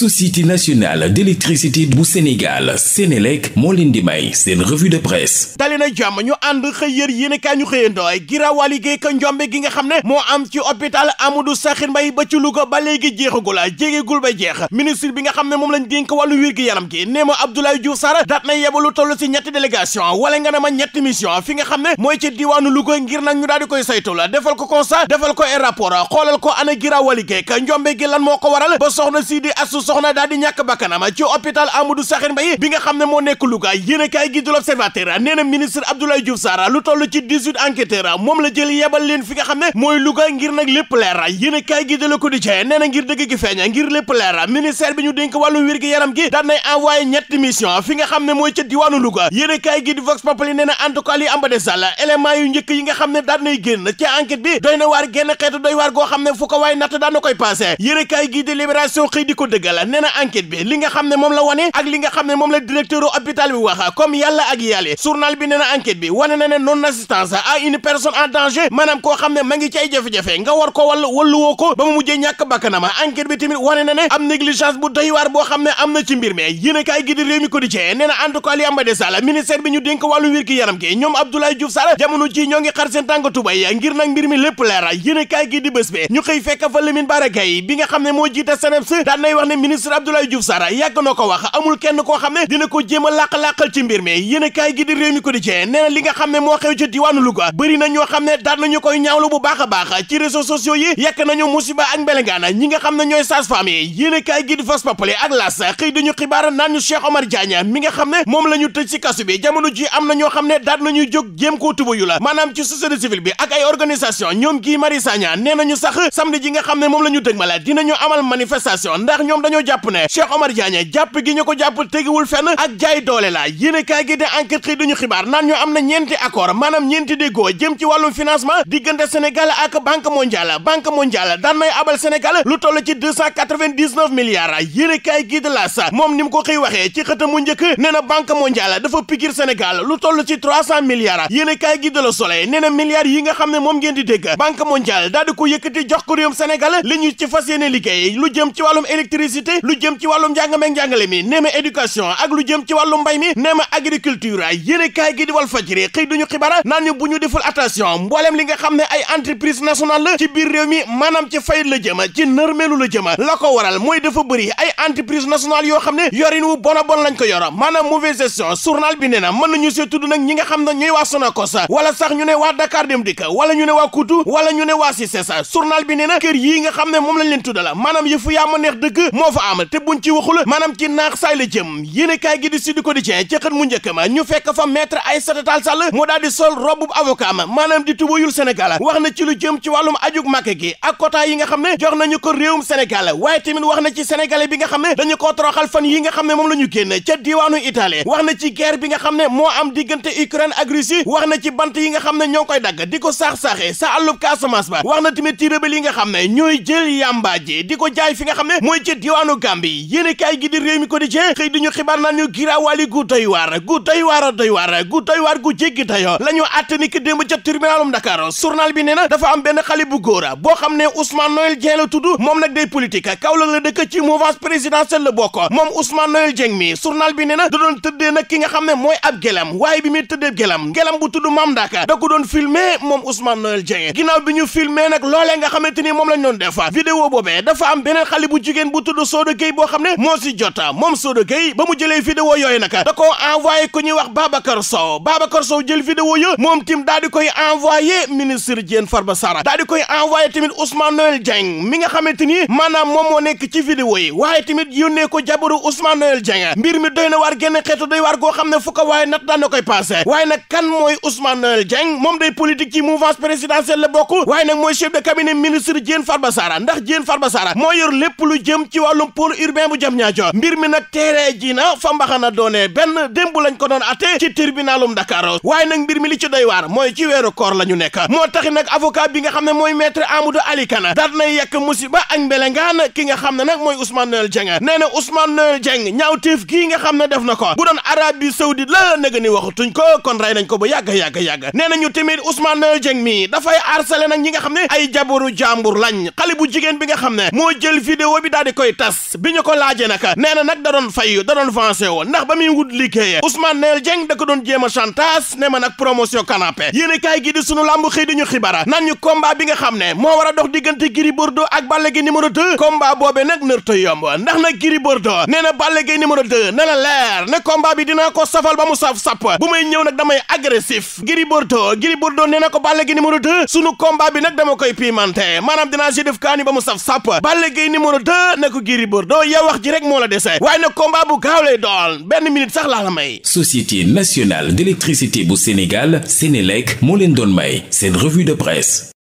société nationale d'électricité bu Sénégal Sénélec moo leen di may seen revue de presse dali na jàmm ñu ànd xëy yër yéenekaay ñu xëyandooy giraawaal yi géeka njombe gi nga xam ne moo am ci hôpital Amadou Sakhir Mbaye ba ci Louga ba léegi jeexagul jéegagul ba jeex ministre bi nga xam ne moom lañ dénk wàllu wér gi yaram gi nee ma Abdoulaye Diouf Sarr daat na yebalu wala nga ne ma ñetti mission fi nga xam ne mooy ci diwaanu Louga ngir nag ñu daal di koy saytu la defal ko constat defal ko ay rapport xoolal ko ana giraawaal gi ko waral ba soxna si soxna daal di ñàkk bakkanam ci hôpital Amadou Sakhir Mbaye bi nga xam ne moo nekk Louga yéen a kaay gi du l'Observateur nee na ministre Abdoulaye Diouf Sarr lu toll ci 18 enquêteurs moom la jël yebal leen fi nga xam ne mooy Louga ngir nag lépp leer yéen a kaay gi de la ko di cee nee na ngir dëgg gi feeña ngir lépp leer ministère bi ñu dénk wàllu wér yaram gi daan nay envoyé ñetti mission fi nga xam ne mooy ca diwaanu Louga yéen a kaay gi di Vox Populi nee na en tout cas yi nga xam ne daan nay génn ci enquête bi doy na waar xam ne ko waay natt daan na koy passé gi de libération xëy ko dëggal Sall nee na enquête bi li nga xam ne moom la wane ak li nga xam ne moom la directeur hôpital bi wax comme yàlla ak yàlla journal bi nee na enquête bi wane na ne non assistance à une personne en danger maanaam koo xam ne ma ngi ci ay nga war ko wàll walluwoo ko ba mu mujjee ñàkk bakkanam enquête bi tamit wane na ne am négligence bu doy boo xam ne am na ci mbir mi yéen kaay gi di réew mi quotidien nee na en tout cas de Sall ministère bi ñu dénk wàllu wér gi yaram gi ñoom Abdoulaye Diouf Sall jamono ji ñoo ngi xar seen tàng tubay lépp leer yéen kaay gi di bi ñu xam ne moo jiite SNEIPS daan ministre Abdoulaye Diouf Sarr yàgg na ko wax amul kenn koo xam ne dina ko jéem a làq-làqal ci mbir mi yéen a ko di cee nee na li nga xam ne moo xew ci diwaanu Louga bëri na ñoo xam ne daan nañu koy ñaawlu bu baax a baax ci réseaux sociaux yi yàq nañu musiba ak mbelengaana ñi nga xam ne ñooy sage-femme yi yéen a kaay gi di Vox L'As xëy dañu xibaar naan ñu Cheikh Omar Diagne mi nga xam ne moom la ñu tëj ci kasu bi ji am na ñoo xam ne daan nañuy jóg jéem koo tubayu la maanaam ci société civile bi ak ay organisation la ñu dëgmale dinañu amal manifestation dañoo jàpp ne Cheikh Omar Diagne jàpp gi ñu ko jàpp tegiwul fenn ak jaay doole la yéene kaay gi de enquête xëy dañu xibaar naan ñu am na ñeenti accord maanaam ñeenti déggoo jëm ci wàllum financement diggante Sénégal ak Banque mondiale Banque mondiale daan abal Sénégal lu toll ci deux cent quatre gi de sa moom ni ko xëy ci xëtam mu njëkk nee na Banque mondiale pikir Sénégal lu toll ci trois cent milliards gi de la Soleil nee yi nga xam ne moom ngeen université lu jëm ci wàllum njàng njàngale mi nee ma éducation ak lu jëm ci wàllum mbay ma agriculture yéen kaay gi di wal fajiri xëy duñu xibaar naan ñu bu ñu deful attention mbooleem li nga xam ne ay entreprise nationale la ci biir réew maanaam ci fayit la jëma ci nërmeelu la jëma la ko waral mooy dafa bëri ay entreprise nationale yoo xam ne yorin wu bona bon lañ ko yoro maanaam mauvaise gestion bi nee na mën nañu see tudd nag ñi nga xam ne ñooy waa Sonacos wala sax ñu ne waa Dakar Dem Dikk wala ñu ne waa Kutu wala ñu ne waa CICES journal bi nee na kër yii nga xam moom lañ leen tuddala maanaam yëfu yaa moo fa am te buñ ci waxul maanaam ci naax saay jëm yéen kaay gi di Sud Quotidien ci xët mu njëkk ñu fekk fa maître Aïssata Tall Sall mu daal sol robe bu avocat ma maanaam di tubayul Sénégal wax na ci lu jëm ci wàllum ajug Màkka gi ak quota nga xam ne jox nañu ko réewum Sénégal waaye tamit wax na ci sénégalais bi nga xam ne dañu koo toroxal fan yi nga xam ne moom la ñu ca diwaanu Italie wax na ci guerre bi nga xam ne moo am diggante Ukraine ak Russie wax na ci bant yi nga xam ne ñoo koy dagg di ko saax-saaxee sa àllub na tamit ci xam ne ñooy jël yàmbaa fi nga xam ne mooy ci diwaanu Gambie a doy waar gu doy la ñu àtte ni ki démb ca tribunalum Dakar journal bi nee na dafa am benn xale bu góor boo xam ne Ousmane Noël Dieng la tudd moom nag day politique Kaolack la dëkk ci mouvance présidentielle la bokk moom Ousmane Noël Dieng mi journal bi nee na da doon tëddee nag ki nga xam ne mooy ab gelam waaye bi muy tëddee gelam gelam bu tudd Mame Ndaka da ko doon filmer moom Ousmane Noël Dieng ginnaaw bi ñu filmer nag loolee nga xamante ni moom lañ doon def vidéo am beneen xale bu jigéen bu tudd Soda Gueye boo xam ne moo si jota moom Soda Gueye ba mu jëlee vidéo yooyu nag da koo envoyé ko ñuy wax Babacar Sow Babacar Sow jël vidéo ya moom tim daal di koy envoyé ministre Diène Farba Sarr daal di koy envoyé tamit Ousmane Noël Dieng mi nga xamante ni maanaam moom moo nekk ci vidéo yi waaye tamit yónnee ko jabaru Ousmane Noël mbir mi doy na waar genn xeetu doy waar goo xam ne fu ko waaye nat daan koy passé waaye nag kan mooy Ousmane Noël Dieng moom day politique ci bokk waaye nag mooy chef de cabinet ministre Diène Farba ndax Diène Farba Sarr moo yor lépp lu jëm ci wàllu wàllum pôle urbain bu Diamniadio mbir mi nag teeree ji na fa mbaxana doone benn démb lañ ko doon atte ci tribunalum Dakar waaye nag mbir mi li ci doy waar mooy ci weeru koor la ñu nekk moo taxi nag avocat bi nga xam ne mooy maître Amadou Ali Kane daat nay yekk musiba ak mbelengaan ki nga xam ne nag mooy Ousmane Noël Dieng nee na Ousmane Noël Dieng ñaawteef gii nga xam ne def na ko bu doon Arabie Saoudite la nëga ni waxatuñ ko kon rey nañ ko ba yàgg yàgg yàgg nee na ñu tamit Ousmane Noël Dieng mi dafay harcelé nag ñi nga xam ne ay jaboru jàmbur lañ xale bu jigéen bi nga xam ne moo jël vidéo bi daal di koy tas Niass bi ñu ko laajee nag nee na nag da doon fay da doon vancé woo ndax ba muy wut liggéey Ousmane Neel Dieng da ko doon jéem a chantage ne ma nag promotion sunu lamb xëy ñu xibara nan ñu combat bi nga xam ne moo war a dox diggante Gris Bordeaux ak Balla Gaye numéro 2 combat boobee nag ko safal ba mu saf sapp bu may ñëw nag damay agressif Gris Bordeaux Gris Bordeaux nee na ko Balla Gaye numéro 2 sunu combat bi nag dama koy pimenté maanaam Gris Bordeaux yow wax ji rek moo la dese waaye nag combat bu gaaw lay doon benn minute sax laa la may. Société nationale d'électricité bu Sénégal Sénélec moo leen doon may seen revue de presse.